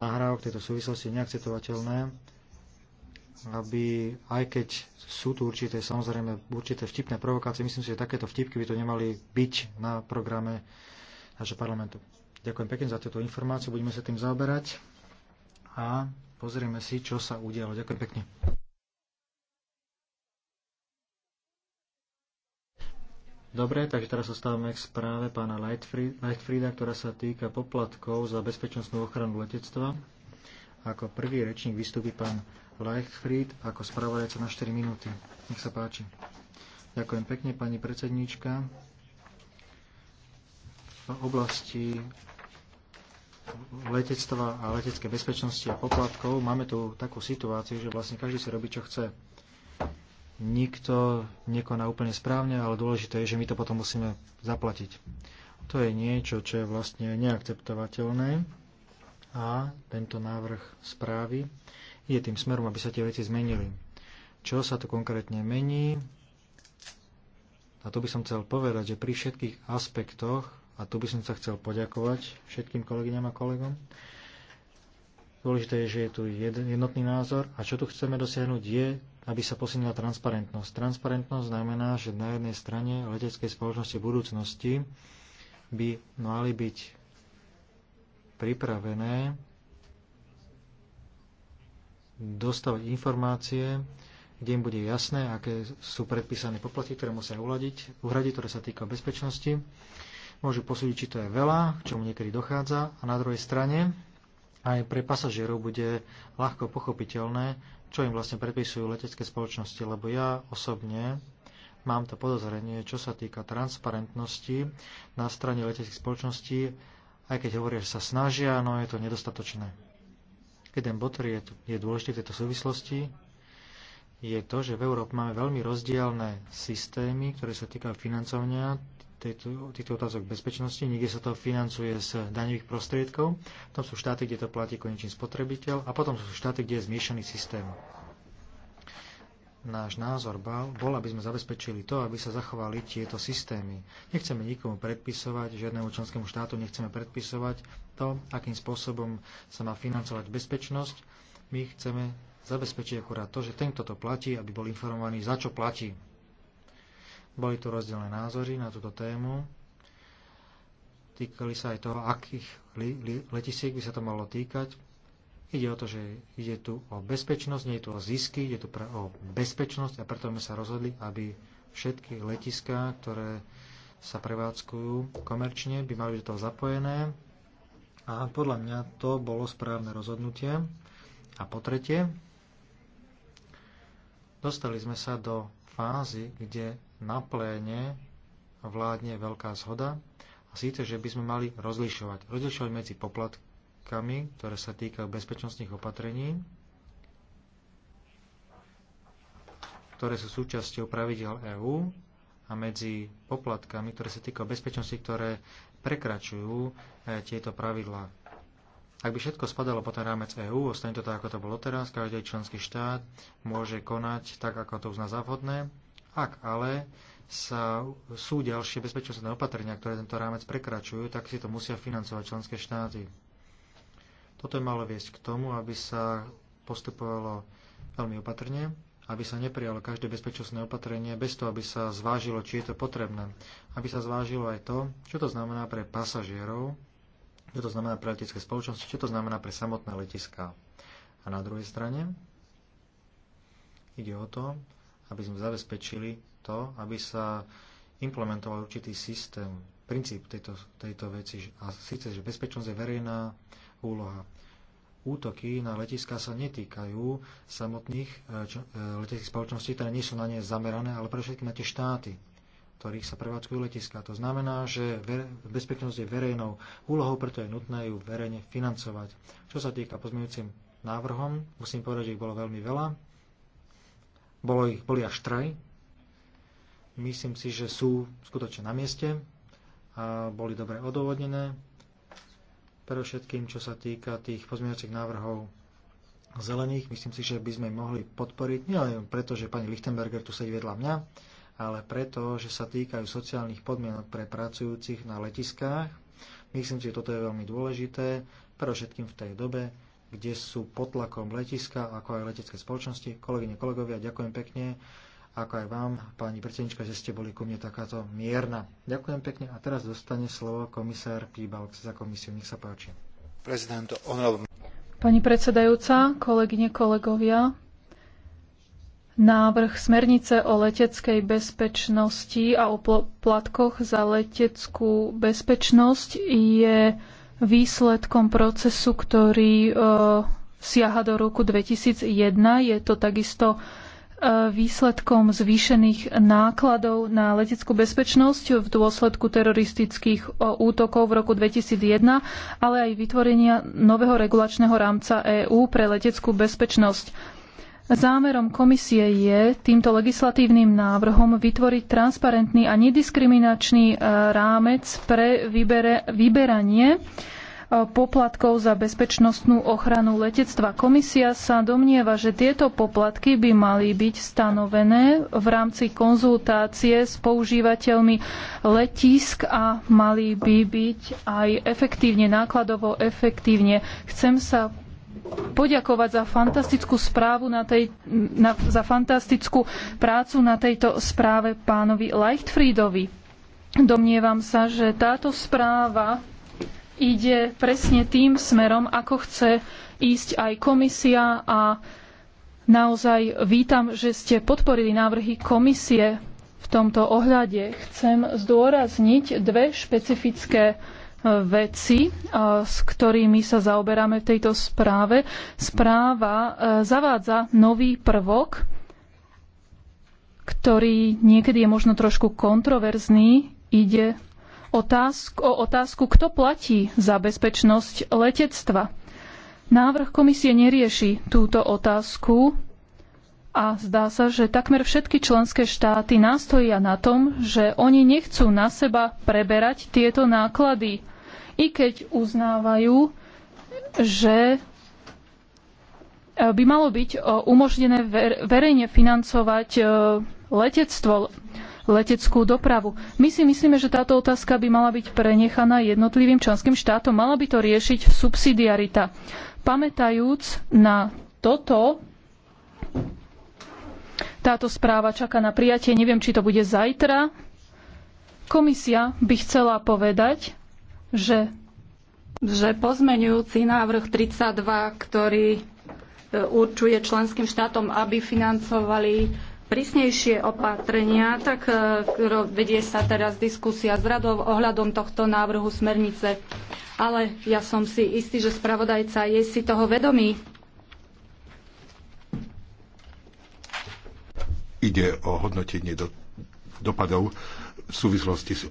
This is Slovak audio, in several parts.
nahrávok tejto súvislosti neakceptovateľné, aby aj keď sú tu určité, samozrejme, určité vtipné provokácie, myslím si, že takéto vtipky by to nemali byť na programe našeho parlamentu. Ďakujem pekne za túto informáciu, budeme sa tým zaoberať a pozrieme si, čo sa udialo. Ďakujem pekne. Dobre, takže teraz zostávame k správe pána Lightfrieda, ktorá sa týka poplatkov za bezpečnostnú ochranu letectva. Ako prvý rečník vystúpi pán Lightfried ako spravodajca na 4 minúty. Nech sa páči. Ďakujem pekne, pani predsedníčka. V oblasti letectva a leteckej bezpečnosti a poplatkov máme tu takú situáciu, že vlastne každý si robí, čo chce nikto nekoná úplne správne, ale dôležité je, že my to potom musíme zaplatiť. To je niečo, čo je vlastne neakceptovateľné a tento návrh správy je tým smerom, aby sa tie veci zmenili. Čo sa tu konkrétne mení? A tu by som chcel povedať, že pri všetkých aspektoch, a tu by som sa chcel poďakovať všetkým kolegyňam a kolegom, Dôležité je, že je tu jednotný názor a čo tu chceme dosiahnuť je, aby sa posilnila transparentnosť. Transparentnosť znamená, že na jednej strane leteckej spoločnosti budúcnosti by mali byť pripravené dostávať informácie, kde im bude jasné, aké sú predpísané poplatky, ktoré musia uhradiť, uhradiť, ktoré sa týka bezpečnosti. Môžu posúdiť, či to je veľa, k čomu niekedy dochádza. A na druhej strane aj pre pasažierov bude ľahko pochopiteľné, čo im vlastne predpisujú letecké spoločnosti, lebo ja osobne mám to podozrenie, čo sa týka transparentnosti na strane leteckých spoločností, aj keď hovoria, že sa snažia, no je to nedostatočné. Jeden bod, ktorý je, je dôležitý v tejto súvislosti, je to, že v Európe máme veľmi rozdielne systémy, ktoré sa týkajú financovania tejto, týchto otázok bezpečnosti, niekde sa to financuje z daňových prostriedkov, potom sú štáty, kde to platí konečný spotrebiteľ a potom sú štáty, kde je zmiešaný systém. Náš názor bol, aby sme zabezpečili to, aby sa zachovali tieto systémy. Nechceme nikomu predpisovať, žiadnemu členskému štátu nechceme predpisovať to, akým spôsobom sa má financovať bezpečnosť. My chceme zabezpečiť akurát to, že ten, kto to platí, aby bol informovaný, za čo platí. Boli tu rozdielne názory na túto tému. Týkali sa aj toho, akých letisiek by sa to malo týkať. Ide o to, že ide tu o bezpečnosť, nie je tu o zisky, ide tu pre, o bezpečnosť a preto sme sa rozhodli, aby všetky letiská, ktoré sa prevádzkujú komerčne, by mali byť do toho zapojené. A podľa mňa to bolo správne rozhodnutie. A po tretie, dostali sme sa do fázy, kde na pléne vládne veľká zhoda a síce, že by sme mali rozlišovať. Rozlišovať medzi poplatkami, ktoré sa týkajú bezpečnostných opatrení, ktoré sú súčasťou pravidel EÚ a medzi poplatkami, ktoré sa týkajú bezpečnosti, ktoré prekračujú e, tieto pravidlá. Ak by všetko spadalo po ten rámec EÚ, ostane to tak, ako to bolo teraz, každý členský štát môže konať tak, ako to uzná závodné ak ale sa, sú ďalšie bezpečnostné opatrenia, ktoré tento rámec prekračujú, tak si to musia financovať členské štáty. Toto je malo viesť k tomu, aby sa postupovalo veľmi opatrne, aby sa neprijalo každé bezpečnostné opatrenie bez toho, aby sa zvážilo, či je to potrebné. Aby sa zvážilo aj to, čo to znamená pre pasažierov, čo to znamená pre letecké spoločnosti, čo to znamená pre samotné letiská. A na druhej strane ide o to, aby sme zabezpečili to, aby sa implementoval určitý systém, princíp tejto, tejto veci. A síce, že bezpečnosť je verejná úloha. Útoky na letiska sa netýkajú samotných eh, čo, eh, leteckých spoločností, ktoré nie sú na ne zamerané, ale pre všetky na tie štáty, ktorých sa prevádzkujú letiska. To znamená, že bezpečnosť je verejnou úlohou, preto je nutné ju verejne financovať. Čo sa týka pozmeňujúcim návrhom, musím povedať, že ich bolo veľmi veľa. Bolo ich, boli až traj. Myslím si, že sú skutočne na mieste a boli dobre odôvodnené. Pre všetkým, čo sa týka tých pozmeňujúcich návrhov zelených, myslím si, že by sme mohli podporiť, nielen preto, že pani Lichtenberger tu sedí vedľa mňa, ale preto, že sa týkajú sociálnych podmienok pre pracujúcich na letiskách. Myslím si, že toto je veľmi dôležité, pre všetkým v tej dobe, kde sú pod tlakom letiska, ako aj letecké spoločnosti. Kolegyne, kolegovia, ďakujem pekne, ako aj vám, pani predsednička, že ste boli ku mne takáto mierna. Ďakujem pekne a teraz dostane slovo komisár Píbalks za komisiu. Nech sa páči. Pani predsedajúca, kolegyne, kolegovia, Návrh smernice o leteckej bezpečnosti a o platkoch za leteckú bezpečnosť je výsledkom procesu, ktorý e, siaha do roku 2001. Je to takisto e, výsledkom zvýšených nákladov na leteckú bezpečnosť v dôsledku teroristických e, útokov v roku 2001, ale aj vytvorenia nového regulačného rámca EÚ pre leteckú bezpečnosť. Zámerom komisie je týmto legislatívnym návrhom vytvoriť transparentný a nediskriminačný e, rámec pre vybere, vyberanie e, poplatkov za bezpečnostnú ochranu letectva. Komisia sa domnieva, že tieto poplatky by mali byť stanovené v rámci konzultácie s používateľmi letísk a mali by byť aj efektívne, nákladovo efektívne. Chcem sa poďakovať za fantastickú správu na tej, na, za fantastickú prácu na tejto správe pánovi Leichtfriedovi. Domnievam sa, že táto správa ide presne tým smerom, ako chce ísť aj komisia a naozaj vítam, že ste podporili návrhy komisie v tomto ohľade. Chcem zdôrazniť dve špecifické veci, e, s ktorými sa zaoberáme v tejto správe. Správa e, zavádza nový prvok, ktorý niekedy je možno trošku kontroverzný. Ide otázku, o otázku, kto platí za bezpečnosť letectva. Návrh komisie nerieši túto otázku a zdá sa, že takmer všetky členské štáty nástojia na tom, že oni nechcú na seba preberať tieto náklady, i keď uznávajú, že e, by malo byť e, umožnené verejne financovať e, letectvo, leteckú dopravu. My si myslíme, že táto otázka by mala byť prenechaná jednotlivým členským štátom. Mala by to riešiť subsidiarita. Pamätajúc na toto, táto správa čaká na prijatie, neviem, či to bude zajtra. Komisia by chcela povedať, že že pozmenujúci návrh 32, ktorý e, určuje členským štátom, aby financovali prísnejšie opatrenia, tak e, vedie sa teraz diskusia s radou ohľadom tohto návrhu smernice. Ale ja som si istý, že spravodajca je si toho vedomý ide o hodnotenie do, dopadov v súvislosti s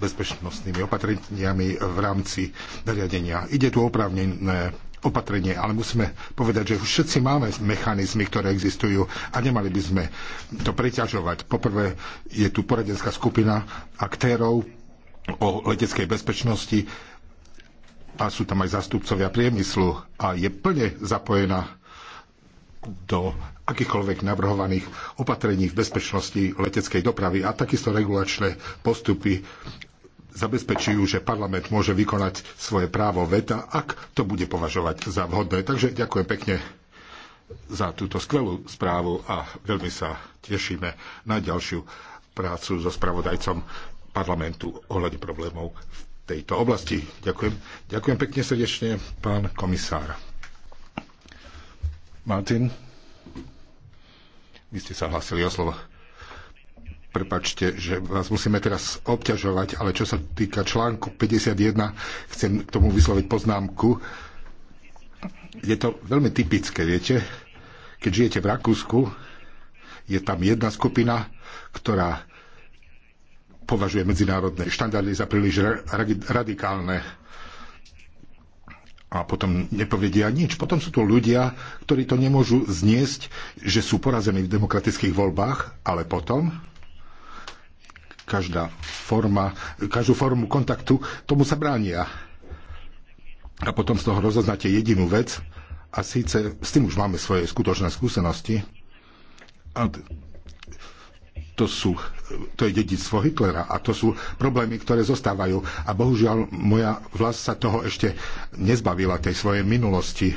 bezpečnostnými opatreniami v rámci nariadenia. Ide tu oprávnené opatrenie, ale musíme povedať, že už všetci máme mechanizmy, ktoré existujú a nemali by sme to preťažovať. Poprvé je tu poradenská skupina aktérov o leteckej bezpečnosti a sú tam aj zastupcovia priemyslu a je plne zapojená do akýchkoľvek navrhovaných opatrení v bezpečnosti leteckej dopravy a takisto regulačné postupy zabezpečujú, že parlament môže vykonať svoje právo veta, ak to bude považovať za vhodné. Takže ďakujem pekne za túto skvelú správu a veľmi sa tešíme na ďalšiu prácu so spravodajcom parlamentu ohľadne problémov v tejto oblasti. Ďakujem. Ďakujem pekne srdečne, pán komisár. Martin, vy ste sa hlasili o slovo. Prepačte, že vás musíme teraz obťažovať, ale čo sa týka článku 51, chcem k tomu vysloviť poznámku. Je to veľmi typické, viete? Keď žijete v Rakúsku, je tam jedna skupina, ktorá považuje medzinárodné štandardy za príliš radikálne a potom nepovedia nič. Potom sú tu ľudia, ktorí to nemôžu zniesť, že sú porazení v demokratických voľbách, ale potom každá forma, každú formu kontaktu tomu sa bránia. A potom z toho rozoznáte jedinú vec, a síce s tým už máme svoje skutočné skúsenosti, a to, sú, to je dedictvo Hitlera a to sú problémy, ktoré zostávajú. A bohužiaľ moja vlast sa toho ešte nezbavila, tej svojej minulosti.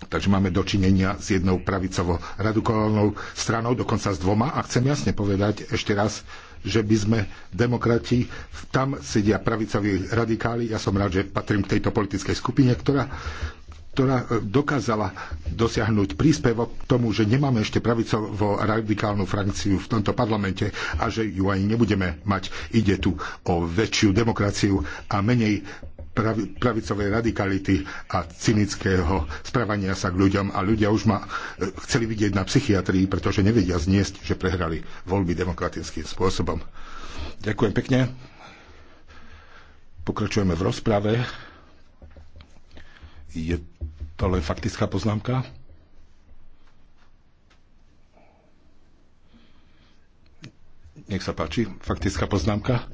Takže máme dočinenia s jednou pravicovo radikálnou stranou, dokonca s dvoma. A chcem jasne povedať ešte raz, že by sme demokrati, tam sedia pravicoví radikáli, ja som rád, že patrím k tejto politickej skupine, ktorá ktorá e, dokázala dosiahnuť príspevok k tomu, že nemáme ešte pravicovo radikálnu frakciu v tomto parlamente a že ju aj nebudeme mať. Ide tu o väčšiu demokraciu a menej pravicovej radikality a cynického správania sa k ľuďom a ľudia už ma e, chceli vidieť na psychiatrii, pretože nevedia zniesť, že prehrali voľby demokratickým spôsobom. Ďakujem pekne. Pokračujeme v rozprave. Je to len faktická poznámka? Nech sa páči, faktická poznámka.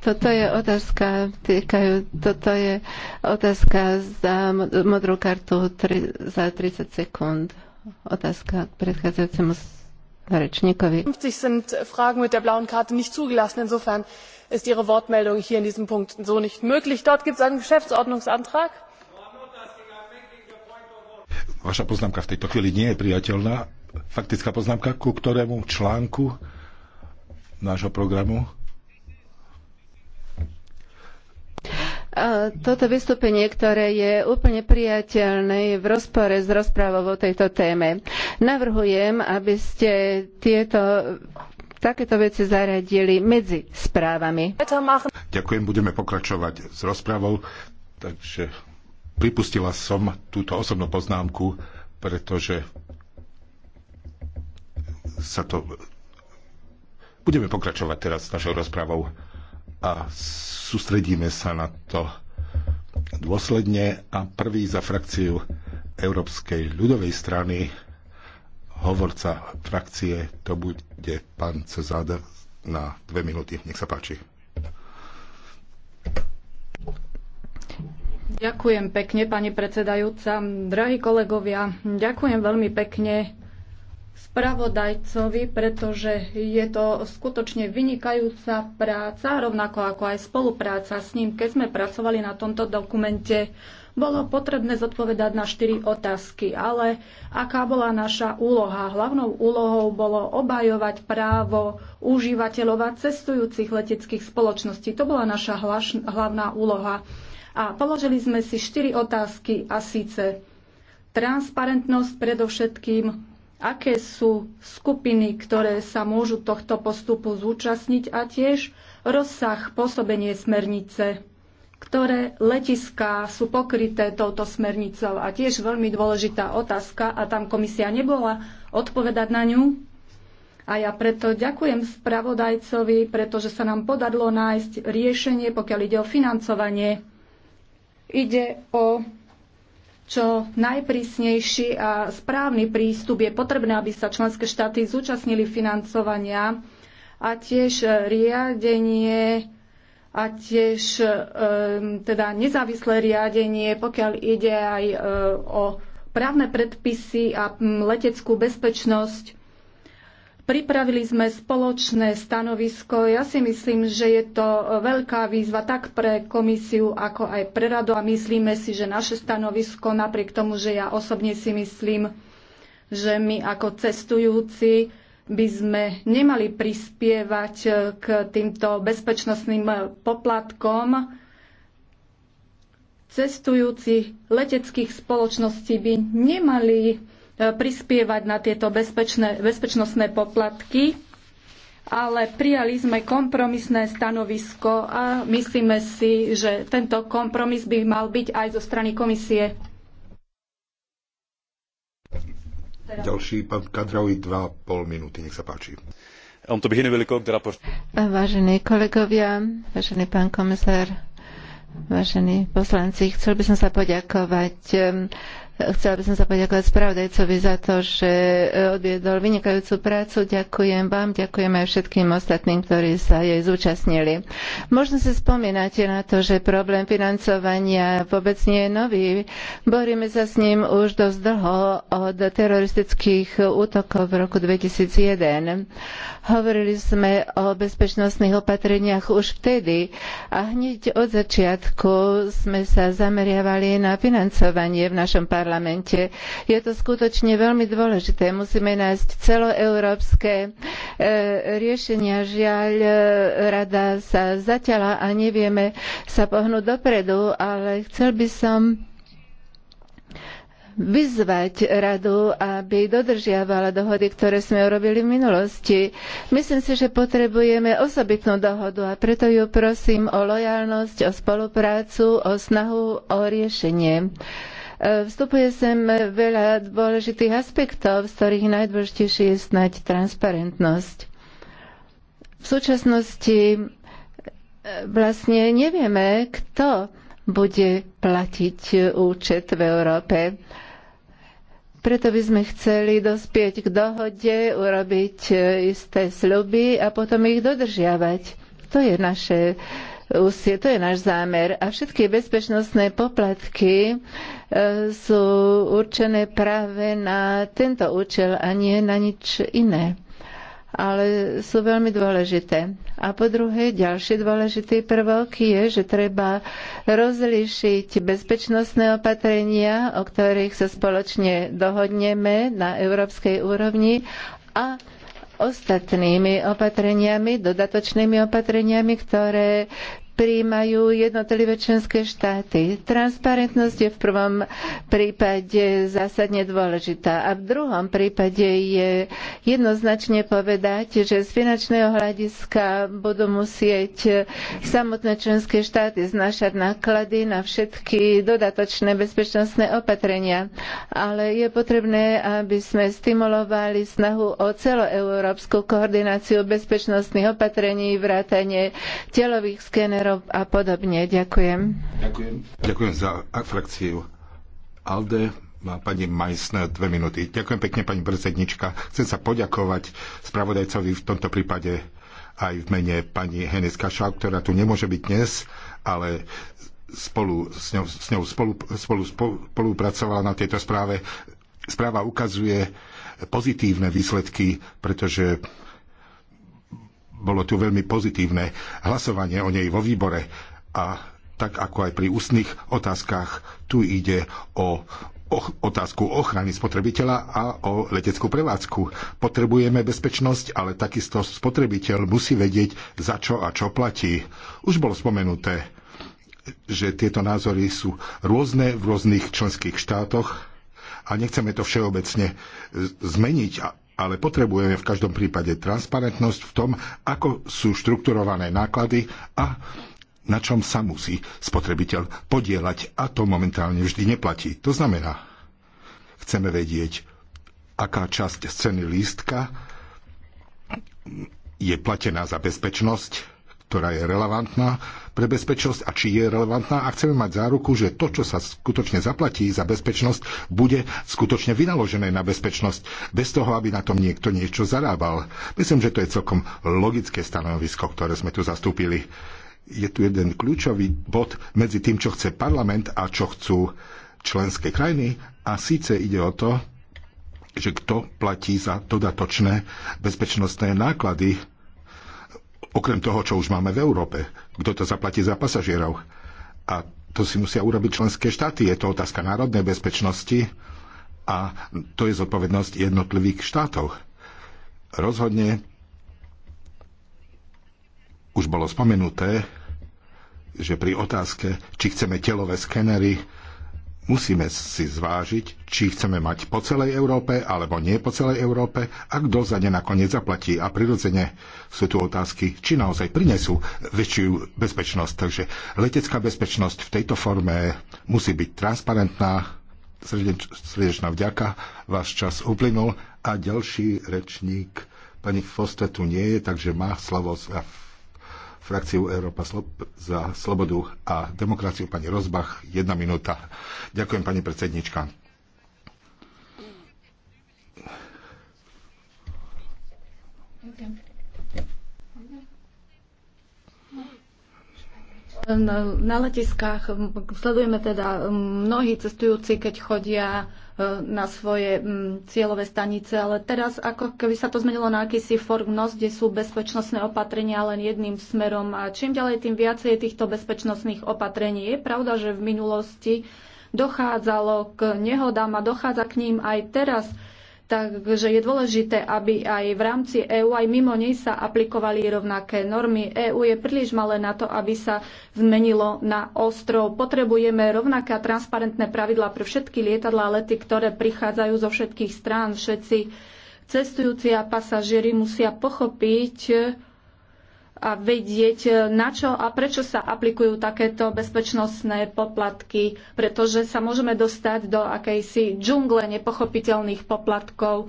Toto je otázka, týkajú, toto je otázka za modrú kartu tri, za 30 sekúnd. Otázka k predchádzajúcemu fünfzig sind äh, Fragen mit der blauen Karte nicht zugelassen. Insofern ist Ihre Wortmeldung hier in diesem Punkt so nicht möglich. Dort gibt es einen Geschäftsordnungsantrag. Vaša poznámka v tejto chvíli nie je priateľná. Faktická poznámka ku ktorému článku nášho programu? Toto vystúpenie, ktoré je úplne priateľné, je v rozpore s rozprávou o tejto téme. Navrhujem, aby ste tieto takéto veci zaradili medzi správami. Ďakujem, budeme pokračovať s rozprávou. Takže pripustila som túto osobnú poznámku, pretože sa to... Budeme pokračovať teraz s našou rozprávou a sústredíme sa na to dôsledne a prvý za frakciu Európskej ľudovej strany hovorca frakcie to bude pán Cezad na dve minúty. Nech sa páči. Ďakujem pekne, pani predsedajúca. Drahí kolegovia, ďakujem veľmi pekne spravodajcovi, pretože je to skutočne vynikajúca práca, rovnako ako aj spolupráca s ním. Keď sme pracovali na tomto dokumente, bolo potrebné zodpovedať na štyri otázky, ale aká bola naša úloha? Hlavnou úlohou bolo obhajovať právo užívateľov a cestujúcich leteckých spoločností. To bola naša hlavná úloha. A položili sme si štyri otázky a síce transparentnosť predovšetkým, aké sú skupiny, ktoré sa môžu tohto postupu zúčastniť a tiež rozsah pôsobenie smernice, ktoré letiská sú pokryté touto smernicou a tiež veľmi dôležitá otázka a tam komisia nebola odpovedať na ňu. A ja preto ďakujem spravodajcovi, pretože sa nám podarilo nájsť riešenie, pokiaľ ide o financovanie. Ide o čo najprísnejší a správny prístup. Je potrebné, aby sa členské štáty zúčastnili financovania a tiež e, riadenie a tiež e, teda nezávislé riadenie, pokiaľ ide aj e, o právne predpisy a leteckú bezpečnosť. Pripravili sme spoločné stanovisko. Ja si myslím, že je to veľká výzva tak pre komisiu, ako aj pre radu a myslíme si, že naše stanovisko, napriek tomu, že ja osobne si myslím, že my ako cestujúci by sme nemali prispievať k týmto bezpečnostným poplatkom. Cestujúci leteckých spoločností by nemali prispievať na tieto bezpečné, bezpečnostné poplatky, ale prijali sme kompromisné stanovisko a myslíme si, že tento kompromis by mal byť aj zo strany komisie. Ďalší, pán Kadraui, 2,5 minúty, nech sa páči. Teda vážení kolegovia, vážený pán komisár, vážení poslanci, chcel by som sa poďakovať Chcela by som sa poďakovať spravodajcovi za to, že e, odviedol vynikajúcu prácu. Ďakujem vám, ďakujem aj všetkým ostatným, ktorí sa jej zúčastnili. Možno si spomínate na to, že problém financovania vôbec nie je nový. Boríme sa s ním už dosť dlho od teroristických útokov v roku 2001. Hovorili sme o bezpečnostných opatreniach už vtedy a hneď od začiatku sme sa zameriavali na financovanie v našom parlamentu parlamente. Je to skutočne veľmi dôležité. Musíme nájsť celoeurópske e, riešenia. Žiaľ, e, rada sa zaťala a nevieme sa pohnúť dopredu, ale chcel by som vyzvať radu, aby dodržiavala dohody, ktoré sme urobili v minulosti. Myslím si, že potrebujeme osobitnú dohodu a preto ju prosím o lojalnosť, o spoluprácu, o snahu o riešenie. Vstupuje sem veľa dôležitých aspektov, z ktorých najdôležitejšie je snať transparentnosť. V súčasnosti e, vlastne nevieme, kto bude platiť účet v Európe. Preto by sme chceli dospieť k dohode, urobiť e, isté sľuby a potom ich dodržiavať. To je naše úsie. To je náš zámer. A všetky bezpečnostné poplatky e, sú určené práve na tento účel a nie na nič iné ale sú veľmi dôležité. A po druhé, ďalší dôležitý prvok je, že treba rozlíšiť bezpečnostné opatrenia, o ktorých sa spoločne dohodneme na európskej úrovni a ostatnými opatreniami, dodatočnými opatreniami, ktoré príjmajú jednotlivé členské štáty. Transparentnosť je v prvom prípade zásadne dôležitá a v druhom prípade je jednoznačne povedať, že z finančného hľadiska budú musieť samotné členské štáty znašať náklady na všetky dodatočné bezpečnostné opatrenia, ale je potrebné, aby sme stimulovali snahu o celoeurópsku koordináciu bezpečnostných opatrení, vrátanie telových skénerov tovarov a podobne. Ďakujem. Ďakujem. Ďakujem za frakciu ALDE. Pani Majsner, dve minúty. Ďakujem pekne, pani predsednička. Chcem sa poďakovať spravodajcovi v tomto prípade aj v mene pani Henes Kašal, ktorá tu nemôže byť dnes, ale spolu, s ňou, s ňou spolu, spolu, spolupracovala na tejto správe. Správa ukazuje pozitívne výsledky, pretože bolo tu veľmi pozitívne hlasovanie o nej vo výbore a tak ako aj pri ústnych otázkach, tu ide o otázku ochrany spotrebiteľa a o leteckú prevádzku. Potrebujeme bezpečnosť, ale takisto spotrebiteľ musí vedieť, za čo a čo platí. Už bolo spomenuté, že tieto názory sú rôzne v rôznych členských štátoch a nechceme to všeobecne zmeniť ale potrebujeme v každom prípade transparentnosť v tom, ako sú štrukturované náklady a na čom sa musí spotrebiteľ podielať a to momentálne vždy neplatí. To znamená, chceme vedieť, aká časť ceny lístka je platená za bezpečnosť, ktorá je relevantná pre bezpečnosť a či je relevantná a chceme mať záruku, že to, čo sa skutočne zaplatí za bezpečnosť, bude skutočne vynaložené na bezpečnosť, bez toho, aby na tom niekto niečo zarábal. Myslím, že to je celkom logické stanovisko, ktoré sme tu zastúpili. Je tu jeden kľúčový bod medzi tým, čo chce parlament a čo chcú členské krajiny a síce ide o to, že kto platí za dodatočné bezpečnostné náklady okrem toho, čo už máme v Európe. Kto to zaplatí za pasažierov? A to si musia urobiť členské štáty. Je to otázka národnej bezpečnosti a to je zodpovednosť jednotlivých štátov. Rozhodne už bolo spomenuté, že pri otázke, či chceme telové skenery, Musíme si zvážiť, či chceme mať po celej Európe alebo nie po celej Európe a kto za ne nakoniec zaplatí. A prirodzene sú tu otázky, či naozaj prinesú väčšiu bezpečnosť. Takže letecká bezpečnosť v tejto forme musí byť transparentná. srdečná vďaka, váš čas uplynul a ďalší rečník, pani Foster tu nie je, takže má slovo frakciu Európa Slob- za slobodu a demokraciu pani Rozbach. Jedna minúta. Ďakujem pani predsednička. Okay. Na letiskách sledujeme teda mnohí cestujúci, keď chodia e, na svoje cieľové stanice, ale teraz ako keby sa to zmenilo na akýsi formnosť, kde sú bezpečnostné opatrenia len jedným smerom a čím ďalej, tým viacej týchto bezpečnostných opatrení. Je pravda, že v minulosti dochádzalo k nehodám a dochádza k ním aj teraz. Takže je dôležité, aby aj v rámci EÚ, aj mimo nej sa aplikovali rovnaké normy. EÚ je príliš malé na to, aby sa zmenilo na ostrov. Potrebujeme rovnaké a transparentné pravidlá pre všetky lietadlá a lety, ktoré prichádzajú zo všetkých strán. Všetci cestujúci a pasažieri musia pochopiť, a vedieť, e, na čo a prečo sa aplikujú takéto bezpečnostné poplatky, pretože sa môžeme dostať do akejsi džungle nepochopiteľných poplatkov, e,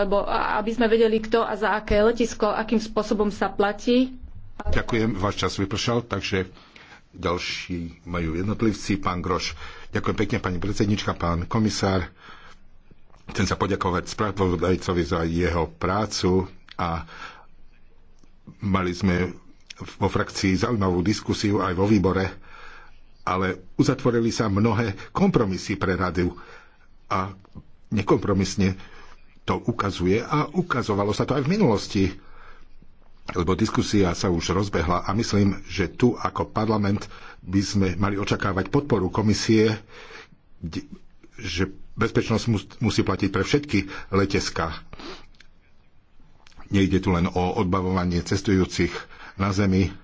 lebo aby sme vedeli, kto a za aké letisko, akým spôsobom sa platí. Ďakujem, váš čas vypršal, takže ďalší majú jednotlivci, pán Groš. Ďakujem pekne, pani predsednička, pán komisár. Chcem sa poďakovať spravodajcovi za jeho prácu a mali sme vo frakcii zaujímavú diskusiu aj vo výbore, ale uzatvorili sa mnohé kompromisy pre radu a nekompromisne to ukazuje a ukazovalo sa to aj v minulosti, lebo diskusia sa už rozbehla a myslím, že tu ako parlament by sme mali očakávať podporu komisie, že bezpečnosť musí platiť pre všetky letecká. Nejde tu len o odbavovanie cestujúcich na Zemi.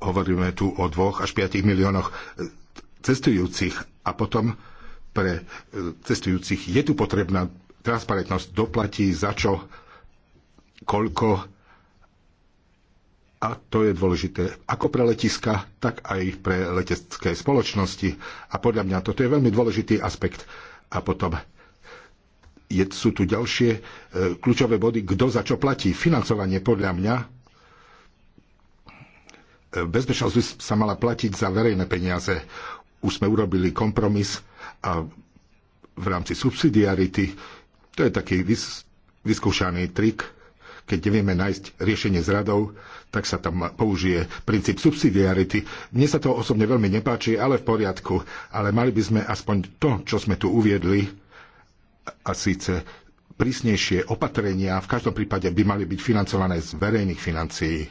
Hovoríme tu o dvoch až 5 miliónoch cestujúcich a potom pre e, cestujúcich je tu potrebná transparentnosť, doplatí za čo, koľko a to je dôležité ako pre letiska, tak aj pre letecké spoločnosti. A podľa mňa toto je veľmi dôležitý aspekt. A potom je, sú tu ďalšie e, kľúčové body, kto za čo platí. Financovanie podľa mňa e, bezpečnosť sa mala platiť za verejné peniaze. Už sme urobili kompromis a v rámci subsidiarity to je taký vys- vyskúšaný trik. Keď nevieme nájsť riešenie s radou, tak sa tam použije princíp subsidiarity. Mne sa to osobne veľmi nepáči, ale v poriadku. Ale mali by sme aspoň to, čo sme tu uviedli, a síce prísnejšie opatrenia v každom prípade by mali byť financované z verejných financií.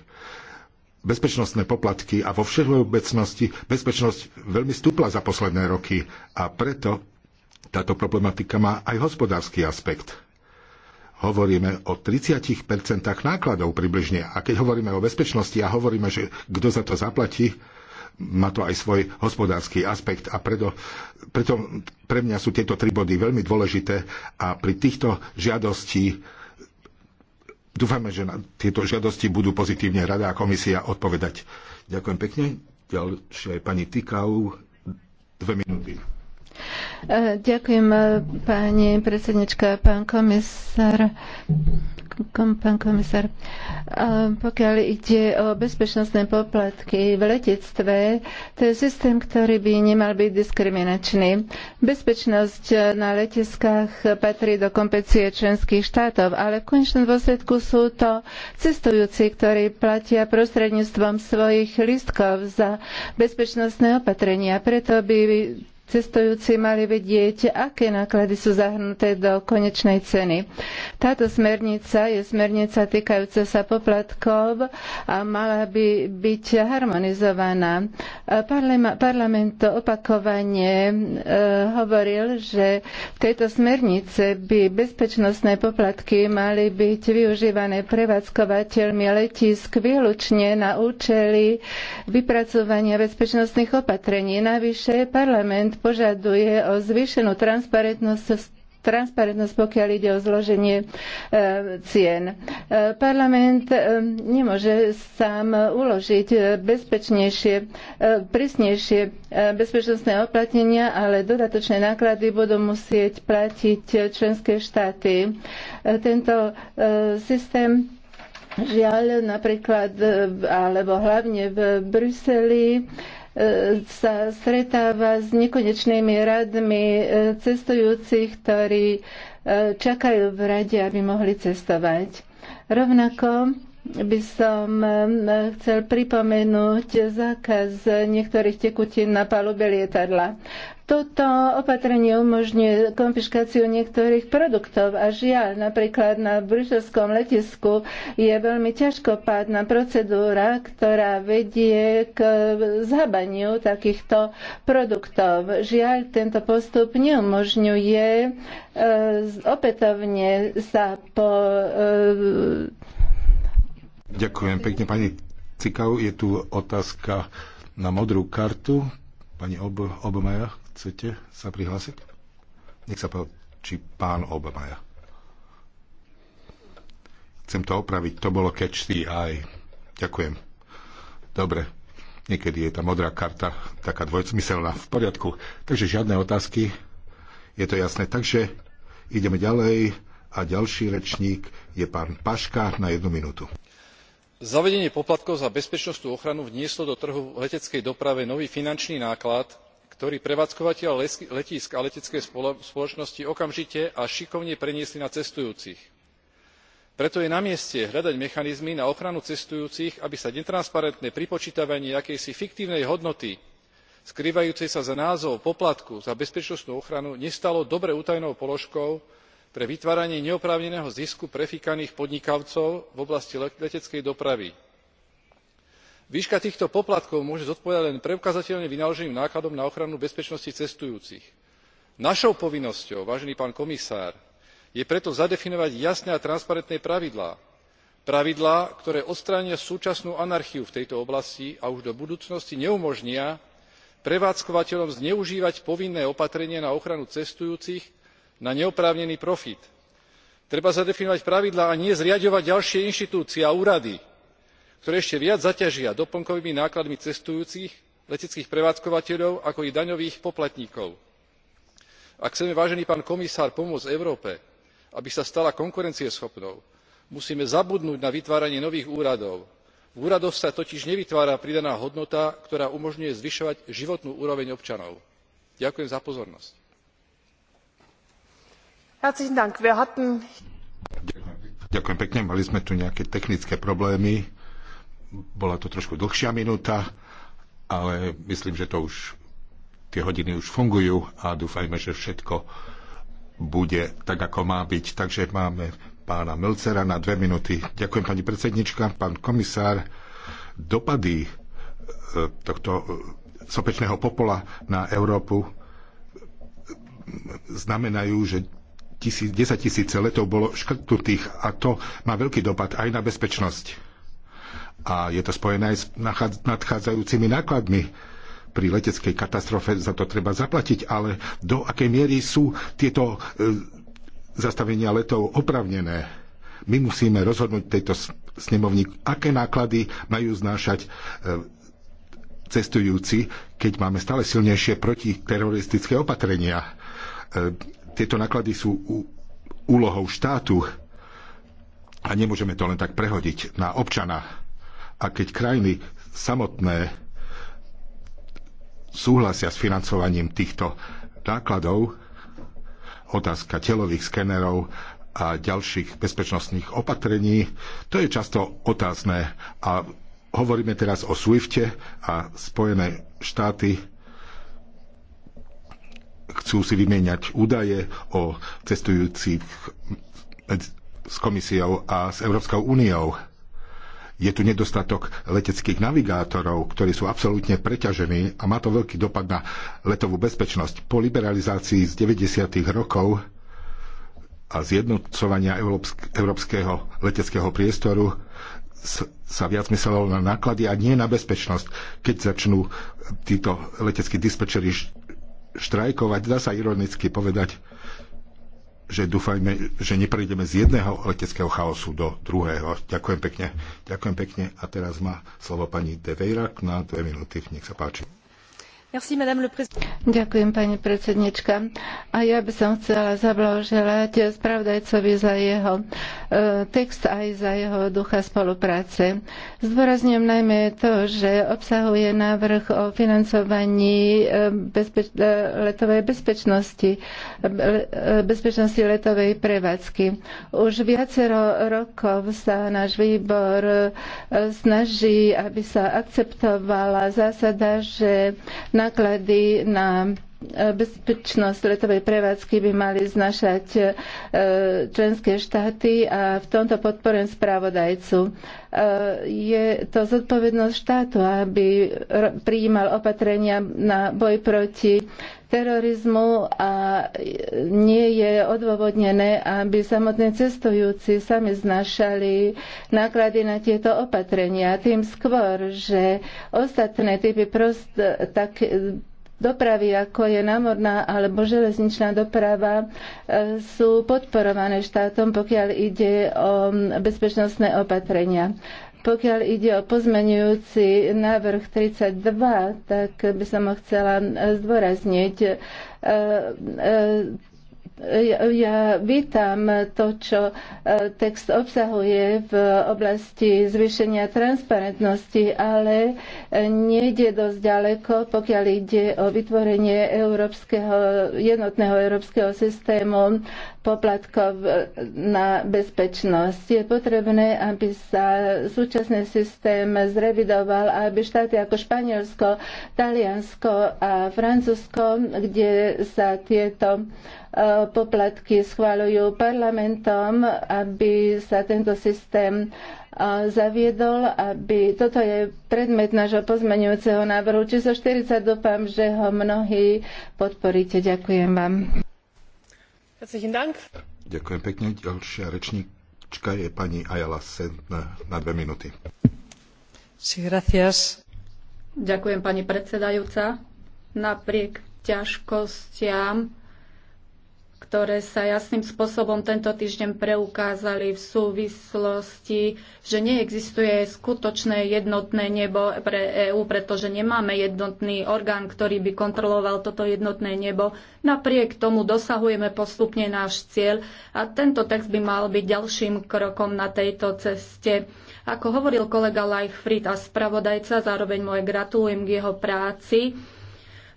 Bezpečnostné poplatky a vo všeobecnosti bezpečnosť veľmi stúpla za posledné roky a preto táto problematika má aj hospodársky aspekt hovoríme o 30% nákladov približne. A keď hovoríme o bezpečnosti a hovoríme, že kto za to zaplatí, má to aj svoj hospodársky aspekt a preto, preto pre mňa sú tieto tri body veľmi dôležité a pri týchto žiadosti dúfame, že na tieto žiadosti budú pozitívne rada a komisia odpovedať. Ďakujem pekne. Ďalšia je pani Tikau. Dve minúty. Eh, ďakujem, eh, pani predsednička, pán komisár. Pán komisár, pokiaľ ide o bezpečnostné poplatky v letectve, to je systém, ktorý by nemal byť diskriminačný. Bezpečnosť eh, na letiskách patrí do kompetencie členských štátov, ale v konečnom dôsledku sú to cestujúci, ktorí platia prostredníctvom svojich listkov za bezpečnostné opatrenia. Preto by cestujúci mali vedieť, aké náklady sú zahrnuté do konečnej ceny. Táto smernica je smernica týkajúca sa poplatkov a mala by byť harmonizovaná. Parlament to opakovane e, hovoril, že v tejto smernice by bezpečnostné poplatky mali byť využívané prevádzkovateľmi letisk výlučne na účely vypracovania bezpečnostných opatrení. Navyše parlament požaduje o zvýšenú transparentnosť transparentnosť, pokiaľ ide o zloženie e, cien. E, parlament e, nemôže sám uložiť bezpečnejšie, prísnejšie bezpečnostné oplatnenia, ale dodatočné náklady budú musieť platiť členské štáty. Tento systém žiaľ napríklad, alebo hlavne v Bruseli, sa stretáva s nekonečnými radmi e, cestujúcich, ktorí e, čakajú v rade, aby mohli cestovať. Rovnako by som eh, chcel pripomenúť zákaz niektorých tekutín na palube lietadla. Toto opatrenie umožňuje konfiškáciu niektorých produktov a žiaľ, napríklad na bruselskom letisku je veľmi ťažkopádna procedúra, ktorá vedie k zhabaniu takýchto produktov. Žiaľ, tento postup neumožňuje eh, opätovne sa po eh, Ďakujem pekne, pani Cikau. Je tu otázka na modrú kartu. Pani Ob- Obmaja, chcete sa prihlásiť? Nech sa páči, pán Obmaja. Chcem to opraviť, to bolo catch the eye. Ďakujem. Dobre, niekedy je tá modrá karta taká dvojcmyselná. V poriadku. Takže žiadne otázky, je to jasné. Takže ideme ďalej a ďalší rečník je pán Paška na jednu minútu zavedenie poplatkov za bezpečnostnú ochranu vnieslo do trhu v leteckej doprave nový finančný náklad ktorý prevádzkovatelia letísk a letecké spoločnosti okamžite a šikovne preniesli na cestujúcich. preto je na mieste hľadať mechanizmy na ochranu cestujúcich aby sa netransparentné pripočítavanie akejsi fiktívnej hodnoty skrývajúcej sa za názov poplatku za bezpečnostnú ochranu nestalo dobre utajenou položkou pre vytváranie neoprávneného zisku prefíkaných podnikavcov v oblasti leteckej dopravy. výška týchto poplatkov môže zodpovedať len preukázateľne vynaloženým nákladom na ochranu bezpečnosti cestujúcich. našou povinnosťou vážený pán komisár je preto zadefinovať jasné a transparentné pravidlá pravidlá ktoré odstránia súčasnú anarchiu v tejto oblasti a už do budúcnosti neumožnia prevádzkovateľom zneužívať povinné opatrenie na ochranu cestujúcich na neoprávnený profit. treba zadefinovať pravidlá a nie zriaďovať ďalšie inštitúcie a úrady ktoré ešte viac zaťažia doplnkovými nákladmi cestujúcich leteckých prevádzkovateľov ako i daňových poplatníkov. ak chceme vážený pán komisár pomôcť európe aby sa stala konkurencieschopnou musíme zabudnúť na vytváranie nových úradov. v úradoch sa totiž nevytvára pridaná hodnota ktorá umožňuje zvyšovať životnú úroveň občanov. ďakujem za pozornosť. Ďakujem pekne, mali sme tu nejaké technické problémy. Bola to trošku dlhšia minúta, ale myslím, že to už tie hodiny už fungujú a dúfajme, že všetko bude tak, ako má byť. Takže máme pána Melcera na dve minúty. Ďakujem pani predsednička, pán komisár. Dopady e, tohto e, sopečného popola na Európu e, znamenajú, že tisíc, 10 tisíce letov bolo škrtnutých a to má veľký dopad aj na bezpečnosť. A je to spojené aj s nadchádzajúcimi nákladmi. Pri leteckej katastrofe za to treba zaplatiť, ale do akej miery sú tieto e, zastavenia letov opravnené? My musíme rozhodnúť tejto snemovni, aké náklady majú znášať e, cestujúci, keď máme stále silnejšie protiteroristické opatrenia e, tieto náklady sú úlohou štátu a nemôžeme to len tak prehodiť na občana. A keď krajiny samotné súhlasia s financovaním týchto nákladov, otázka telových skenerov a ďalších bezpečnostných opatrení, to je často otázne. A hovoríme teraz o SWIFTE a Spojené štáty chcú si vymieňať údaje o cestujúcich s komisiou a s Európskou úniou. Je tu nedostatok leteckých navigátorov, ktorí sú absolútne preťažení a má to veľký dopad na letovú bezpečnosť. Po liberalizácii z 90. rokov a zjednocovania európskeho leteckého priestoru sa viac myslelo na náklady a nie na bezpečnosť, keď začnú títo leteckí dispečeri štrajkovať, dá sa ironicky povedať, že dúfajme, že neprejdeme z jedného leteckého chaosu do druhého. Ďakujem pekne. Ďakujem pekne. A teraz má slovo pani Deveira na dve minúty. Nech sa páči. Ďakujem, pani predsednička. A ja by som chcela zablahoželať spravodajcovi za jeho e, text aj za jeho ducha spolupráce. Zdôrazňujem najmä to, že obsahuje návrh o financovaní e, bezpeč- e, letovej bezpečnosti, bezpečnosti letovej prevádzky. Už viacero rokov sa náš výbor snaží, aby sa akceptovala zásada, že náklady na bezpečnosť letovej prevádzky by mali znašať e, členské štáty a v tomto podporujem správodajcu. E, je to zodpovednosť štátu, aby prijímal opatrenia na boj proti terorizmu a nie je odôvodnené, aby samotní cestujúci sami znašali náklady na tieto opatrenia. Tým skôr, že ostatné typy prost, tak, dopravy, ako je námorná alebo železničná doprava, e, sú podporované štátom, pokiaľ ide o bezpečnostné opatrenia. Pokiaľ ide o pozmenujúci návrh 32, tak by som ho chcela e, zdôrazniť e, ja, ja vítam to, čo e, text obsahuje v oblasti zvýšenia transparentnosti, ale e, nejde dosť ďaleko, pokiaľ ide o vytvorenie európskeho, jednotného európskeho systému poplatkov e, na bezpečnosť. Je potrebné, aby sa súčasný systém zrevidoval a aby štáty ako Španielsko, Taliansko a Francúzsko, kde sa tieto poplatky schváľujú parlamentom, aby sa tento systém zaviedol, aby toto je predmet nášho pozmeňujúceho návrhu číslo 40. Dúfam, že ho mnohí podporíte. Ďakujem vám. Ďakujem pekne. Ďalšia rečníčka je pani Ayala na, na dve minúty. Sí, gracias. Ďakujem pani predsedajúca. Napriek ťažkostiam ktoré sa jasným spôsobom tento týždeň preukázali v súvislosti, že neexistuje skutočné jednotné nebo pre EÚ, pretože nemáme jednotný orgán, ktorý by kontroloval toto jednotné nebo. Napriek tomu dosahujeme postupne náš cieľ a tento text by mal byť ďalším krokom na tejto ceste. Ako hovoril kolega Leichfried a spravodajca, zároveň moje gratulujem k jeho práci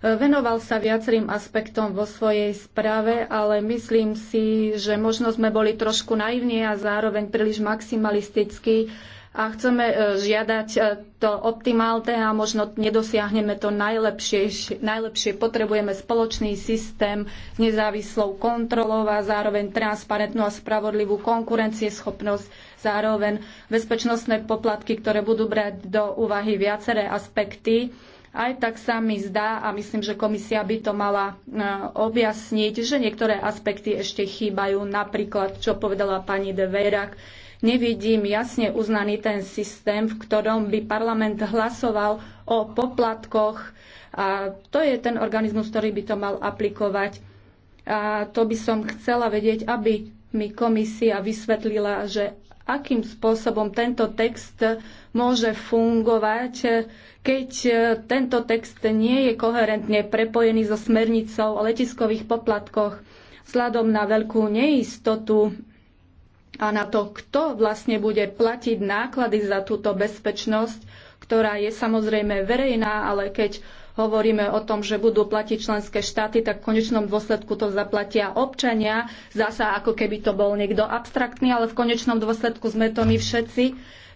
Venoval sa viacerým aspektom vo svojej správe, ale myslím si, že možno sme boli trošku naivní a zároveň príliš maximalistickí a chceme e, žiadať e, to optimálne a možno nedosiahneme to najlepšie. Najlepšie potrebujeme spoločný systém s nezávislou kontrolou a zároveň transparentnú a spravodlivú konkurencieschopnosť zároveň bezpečnostné poplatky, ktoré budú brať do úvahy viaceré aspekty aj tak sa mi zdá a myslím, že komisia by to mala e, objasniť, že niektoré aspekty ešte chýbajú. Napríklad, čo povedala pani de Veyrak, nevidím jasne uznaný ten systém, v ktorom by parlament hlasoval o poplatkoch. A to je ten organizmus, ktorý by to mal aplikovať. A to by som chcela vedieť, aby mi komisia vysvetlila, že akým spôsobom tento text môže fungovať, keď tento text nie je koherentne prepojený so smernicou o letiskových poplatkoch vzhľadom na veľkú neistotu a na to, kto vlastne bude platiť náklady za túto bezpečnosť, ktorá je samozrejme verejná, ale keď hovoríme o tom, že budú platiť členské štáty, tak v konečnom dôsledku to zaplatia občania. Zasa ako keby to bol niekto abstraktný, ale v konečnom dôsledku sme to my všetci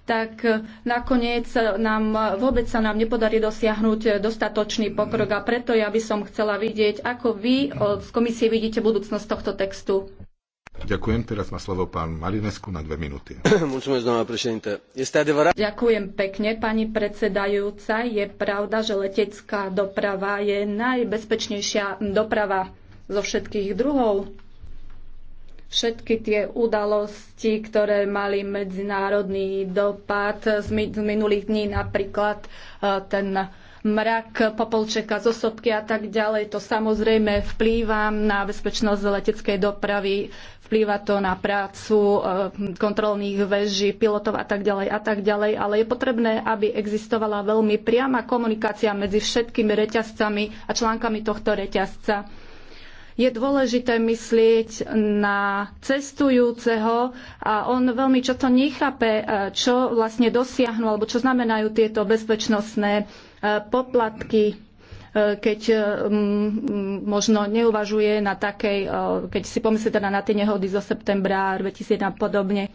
tak e, nakoniec e, nám, e, vôbec sa nám nepodarí dosiahnuť dostatočný pokrok a preto ja by som chcela vidieť, ako vy z komisie vidíte budúcnosť tohto textu. Ďakujem. Teraz má slovo pán Marinescu na dve minúty. Ďakujem pekne, pani predsedajúca. Je pravda, že letecká doprava je najbezpečnejšia doprava zo všetkých druhov. Všetky tie udalosti, ktoré mali medzinárodný dopad z minulých dní, napríklad e, ten mrak Popolčeka z Osobky a tak ďalej, to samozrejme vplýva na bezpečnosť leteckej dopravy vplýva to na prácu eh, kontrolných väží, pilotov a tak ďalej a tak ďalej, ale je potrebné, aby existovala veľmi priama komunikácia medzi všetkými reťazcami a článkami tohto reťazca. Je dôležité myslieť na cestujúceho a on veľmi často nechápe, eh, čo vlastne dosiahnu alebo čo znamenajú tieto bezpečnostné eh, poplatky keď eh, možno neuvažuje na takej, eh, keď si pomyslí teda na tie nehody zo septembra 2001 a podobne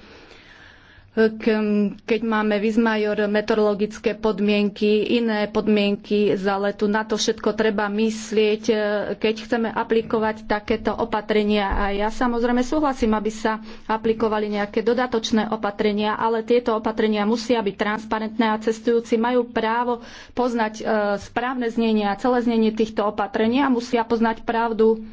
keď máme Vizmajor meteorologické podmienky, iné podmienky za letu. Na to všetko treba myslieť, e, keď chceme aplikovať takéto opatrenia. A ja samozrejme súhlasím, aby sa aplikovali nejaké dodatočné opatrenia, ale tieto opatrenia musia byť transparentné a cestujúci majú právo poznať e, správne znenie a celé znenie týchto opatrení a musia poznať pravdu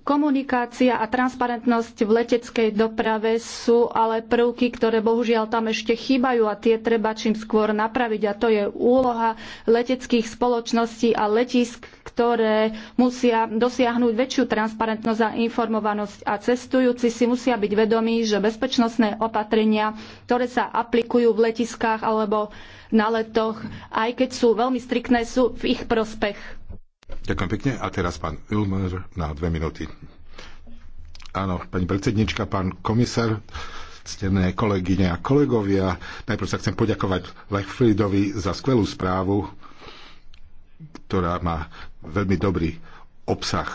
Komunikácia a transparentnosť v leteckej doprave sú ale prvky, ktoré bohužiaľ tam ešte chýbajú a tie treba čím skôr napraviť. A to je úloha leteckých spoločností a letisk, ktoré musia dosiahnuť väčšiu transparentnosť a informovanosť. A cestujúci si musia byť vedomí, že bezpečnostné opatrenia, ktoré sa aplikujú v letiskách alebo na letoch, aj keď sú veľmi striktné, sú v ich prospech. Ďakujem pekne. A teraz pán Ilmer na dve minúty. Áno, pani predsednička, pán komisár, ctené kolegyne a kolegovia. Najprv sa chcem poďakovať Lechfriedovi za skvelú správu, ktorá má veľmi dobrý obsah.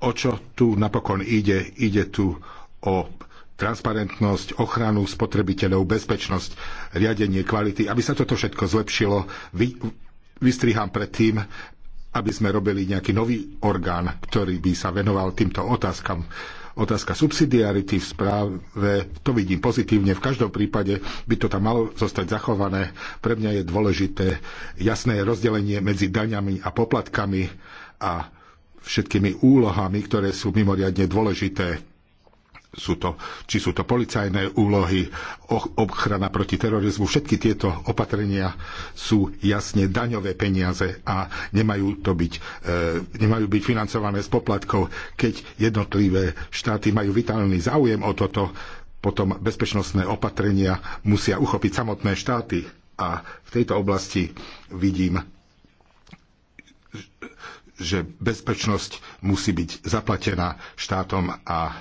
O čo tu napokon ide? Ide tu o transparentnosť, ochranu spotrebiteľov, bezpečnosť, riadenie kvality, aby sa toto všetko zlepšilo. Vy, vystrihám pred tým, aby sme robili nejaký nový orgán, ktorý by sa venoval týmto otázkam. Otázka subsidiarity v správe, to vidím pozitívne. V každom prípade by to tam malo zostať zachované. Pre mňa je dôležité jasné rozdelenie medzi daňami a poplatkami a všetkými úlohami, ktoré sú mimoriadne dôležité sú to, či sú to policajné úlohy, ochrana proti terorizmu, všetky tieto opatrenia sú jasne daňové peniaze a nemajú, to byť, e, nemajú byť financované z poplatkov. Keď jednotlivé štáty majú vitálny záujem o toto, potom bezpečnostné opatrenia musia uchopiť samotné štáty. A v tejto oblasti vidím že bezpečnosť musí byť zaplatená štátom a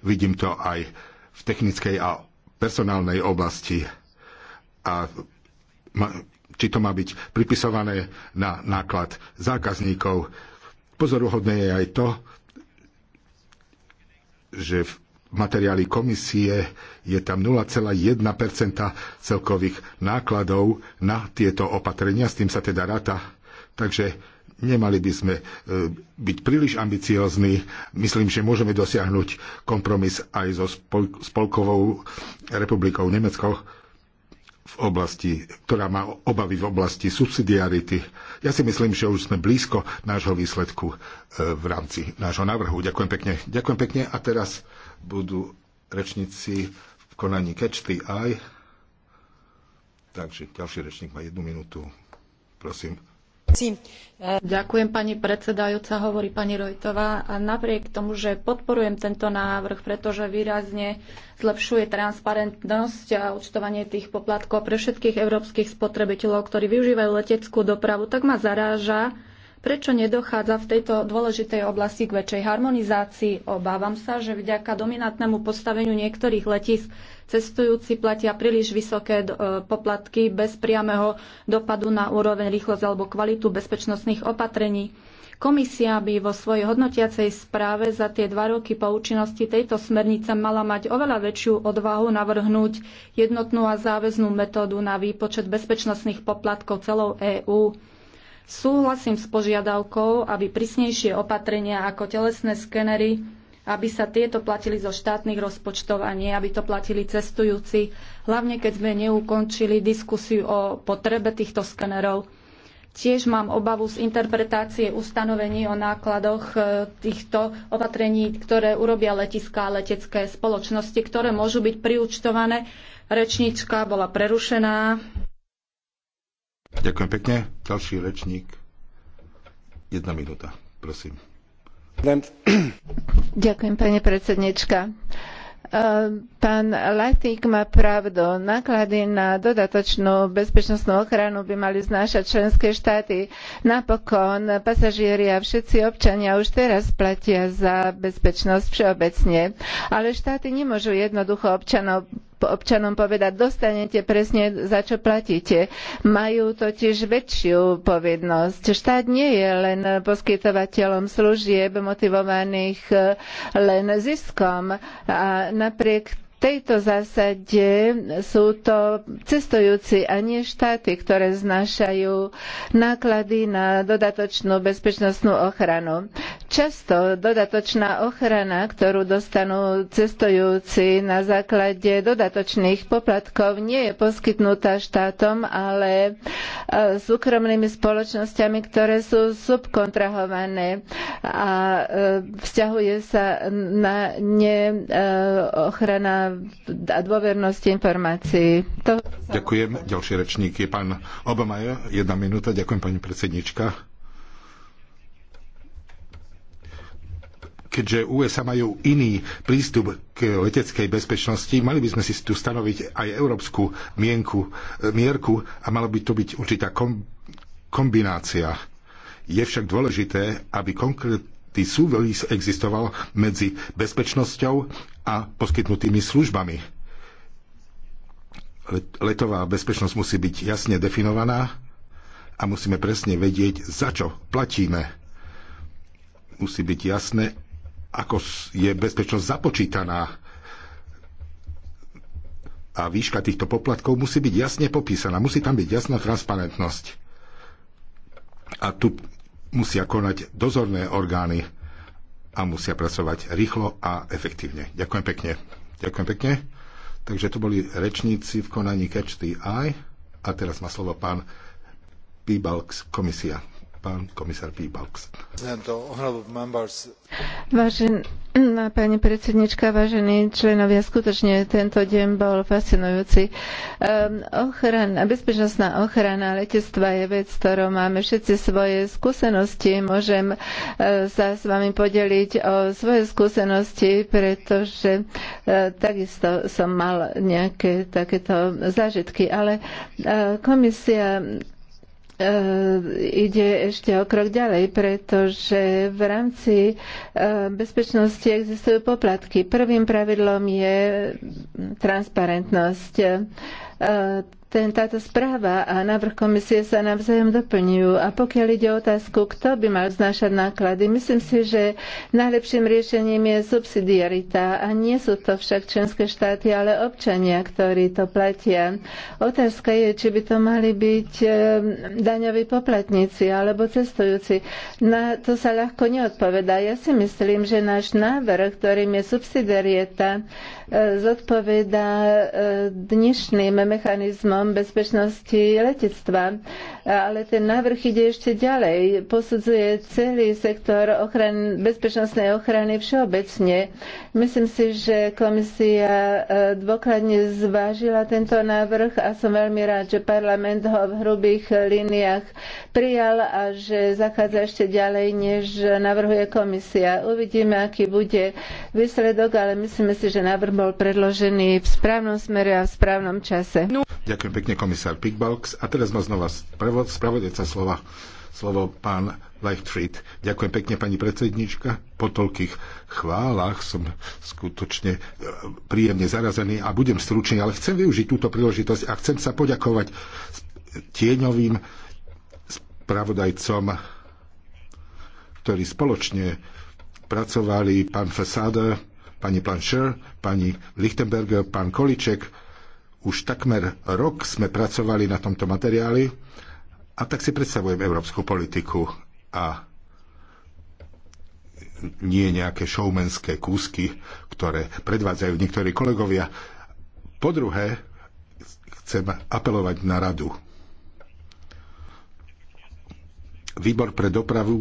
Vidím to aj v technickej a personálnej oblasti. A či to má byť pripisované na náklad zákazníkov. Pozoruhodné je aj to, že v materiáli komisie je tam 0,1 celkových nákladov na tieto opatrenia, s tým sa teda rata. Takže Nemali by sme e, byť príliš ambiciózni. Myslím, že môžeme dosiahnuť kompromis aj so Spolkovou republikou Nemecko v oblasti, ktorá má obavy v oblasti subsidiarity. Ja si myslím, že už sme blízko nášho výsledku e, v rámci nášho návrhu. Ďakujem pekne. Ďakujem pekne a teraz budú rečníci v konaní Catch the Eye. Takže ďalší rečník má jednu minútu. Prosím. Ďakujem pani predsedajúca, hovorí pani Rojtová. A napriek tomu, že podporujem tento návrh, pretože výrazne zlepšuje transparentnosť a účtovanie tých poplatkov pre všetkých európskych spotrebiteľov, ktorí využívajú leteckú dopravu, tak ma zaráža, Prečo nedochádza v tejto dôležitej oblasti k väčšej harmonizácii? Obávam sa, že vďaka dominantnému postaveniu niektorých letísk cestujúci platia príliš vysoké e, poplatky bez priamého dopadu na úroveň rýchlosť alebo kvalitu bezpečnostných opatrení. Komisia by vo svojej hodnotiacej správe za tie dva roky po účinnosti tejto smernice mala mať oveľa väčšiu odvahu navrhnúť jednotnú a záväznú metódu na výpočet bezpečnostných poplatkov celou EÚ Súhlasím s požiadavkou, aby prísnejšie opatrenia ako telesné skenery, aby sa tieto platili zo štátnych rozpočtov a nie, aby to platili cestujúci, hlavne keď sme neukončili diskusiu o potrebe týchto skenerov. Tiež mám obavu z interpretácie ustanovení o nákladoch e, týchto opatrení, ktoré urobia letiská a letecké spoločnosti, ktoré môžu byť priúčtované. Rečnička bola prerušená. Ďakujem pekne. Ďalší rečník. Jedna minúta, prosím. Ďakujem, pani predsednička. E, pán Latík má pravdu. Náklady na dodatočnú bezpečnostnú ochranu by mali znášať členské štáty. Napokon pasažieri a všetci občania už teraz platia za bezpečnosť všeobecne. Ale štáty nemôžu jednoducho občanov občanom povedať, dostanete presne za čo platíte. Majú totiž väčšiu povednosť. Štát nie je len poskytovateľom služieb motivovaných len ziskom a napriek tejto zásade sú to cestujúci a nie štáty, ktoré znašajú náklady na dodatočnú bezpečnostnú ochranu. Často dodatočná ochrana, ktorú dostanú cestujúci na základe dodatočných poplatkov, nie je poskytnutá štátom, ale e, súkromnými spoločnosťami, ktoré sú subkontrahované a e, vzťahuje sa na ne e, ochrana a dôvernosti informácií. To... Ďakujem. Ďalší rečník je pán Obamaja. Jedna minúta. Ďakujem, pani predsednička. keďže USA majú iný prístup k leteckej bezpečnosti, mali by sme si tu stanoviť aj európsku mienku, mierku a malo by to byť určitá kombinácia. Je však dôležité, aby konkrétny súvis existoval medzi bezpečnosťou a poskytnutými službami. Letová bezpečnosť musí byť jasne definovaná a musíme presne vedieť, za čo platíme. Musí byť jasné, ako je bezpečnosť započítaná a výška týchto poplatkov musí byť jasne popísaná. Musí tam byť jasná transparentnosť. A tu musia konať dozorné orgány a musia pracovať rýchlo a efektívne. Ďakujem pekne. Ďakujem pekne. Takže to boli rečníci v konaní Catch the Eye a teraz má slovo pán Pibalks, komisia pán komisár Vážená pani predsednička, vážení členovia, skutočne tento deň bol fascinujúci. Ehm, ochrana, bezpečnostná ochrana letectva je vec, ktorou máme všetci svoje skúsenosti. Môžem e, sa s vami podeliť o svoje skúsenosti, pretože e, takisto som mal nejaké takéto zážitky. Ale e, komisia E, ide ešte o krok ďalej, pretože v rámci e, bezpečnosti existujú poplatky. Prvým pravidlom je transparentnosť e, ten, táto správa a návrh komisie sa navzájom doplňujú. A pokiaľ ide o otázku, kto by mal znášať náklady, myslím si, že najlepším riešením je subsidiarita. A nie sú to však členské štáty, ale občania, ktorí to platia. Otázka je, či by to mali byť eh, daňoví poplatníci alebo cestujúci. Na to sa ľahko neodpovedá. Ja si myslím, že náš návrh, ktorým je subsidiarita, eh, zodpovedá eh, dnešným mechanizmom zákonom bezpečnosti letectva. Ale ten návrh ide ešte ďalej. Posudzuje celý sektor ochran- bezpečnostnej ochrany všeobecne. Myslím si, že komisia e, dôkladne zvážila tento návrh a som veľmi rád, že parlament ho v hrubých líniách prijal a že zachádza ešte ďalej, než navrhuje komisia. Uvidíme, aký bude výsledok, ale myslíme si, že návrh bol predložený v správnom smere a v správnom čase. No. Ďakujem. Ďakujem pekne komisár Pickbalks. A teraz má znova spravodajca slova slovo pán Leichtfried. Ďakujem pekne, pani predsednička. Po toľkých chválach som skutočne e, príjemne zarazený a budem stručný, ale chcem využiť túto príležitosť a chcem sa poďakovať tieňovým spravodajcom, ktorí spoločne pracovali, pán Fesade, pani Plancher, pani Lichtenberger, pán Količek, už takmer rok sme pracovali na tomto materiáli a tak si predstavujem európsku politiku a nie nejaké showmanské kúsky, ktoré predvádzajú niektorí kolegovia. Po druhé, chcem apelovať na radu. Výbor pre dopravu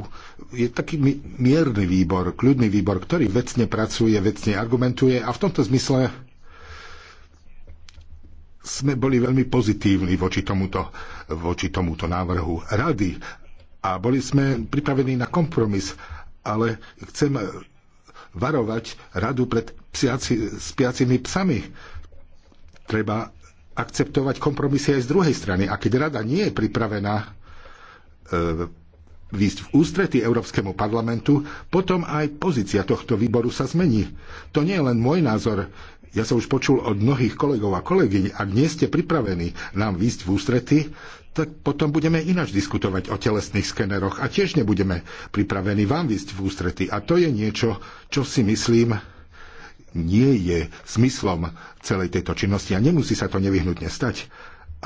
je taký mierny výbor, kľudný výbor, ktorý vecne pracuje, vecne argumentuje a v tomto zmysle sme boli veľmi pozitívni voči tomuto, voči tomuto návrhu rady a boli sme pripravení na kompromis, ale chcem varovať radu pred psiaci, spiacimi psami. Treba akceptovať kompromisy aj z druhej strany. A keď rada nie je pripravená e, výsť v ústretí Európskemu parlamentu, potom aj pozícia tohto výboru sa zmení. To nie je len môj názor ja som už počul od mnohých kolegov a kolegyň, ak nie ste pripravení nám výsť v ústrety, tak potom budeme ináč diskutovať o telesných skeneroch a tiež nebudeme pripravení vám výsť v ústrety. A to je niečo, čo si myslím, nie je smyslom celej tejto činnosti a nemusí sa to nevyhnutne stať.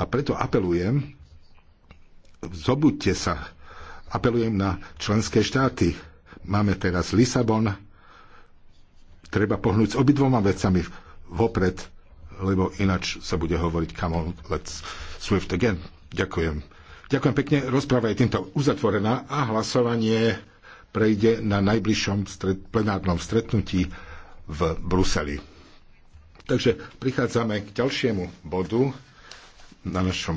A preto apelujem, Zobudte sa, apelujem na členské štáty. Máme teraz Lisabon, treba pohnúť s obidvoma vecami vopred, lebo inač sa bude hovoriť come on, let's swift again. Ďakujem. Ďakujem pekne. Rozpráva je týmto uzatvorená a hlasovanie prejde na najbližšom stret, plenárnom stretnutí v Bruseli. Takže prichádzame k ďalšiemu bodu na našom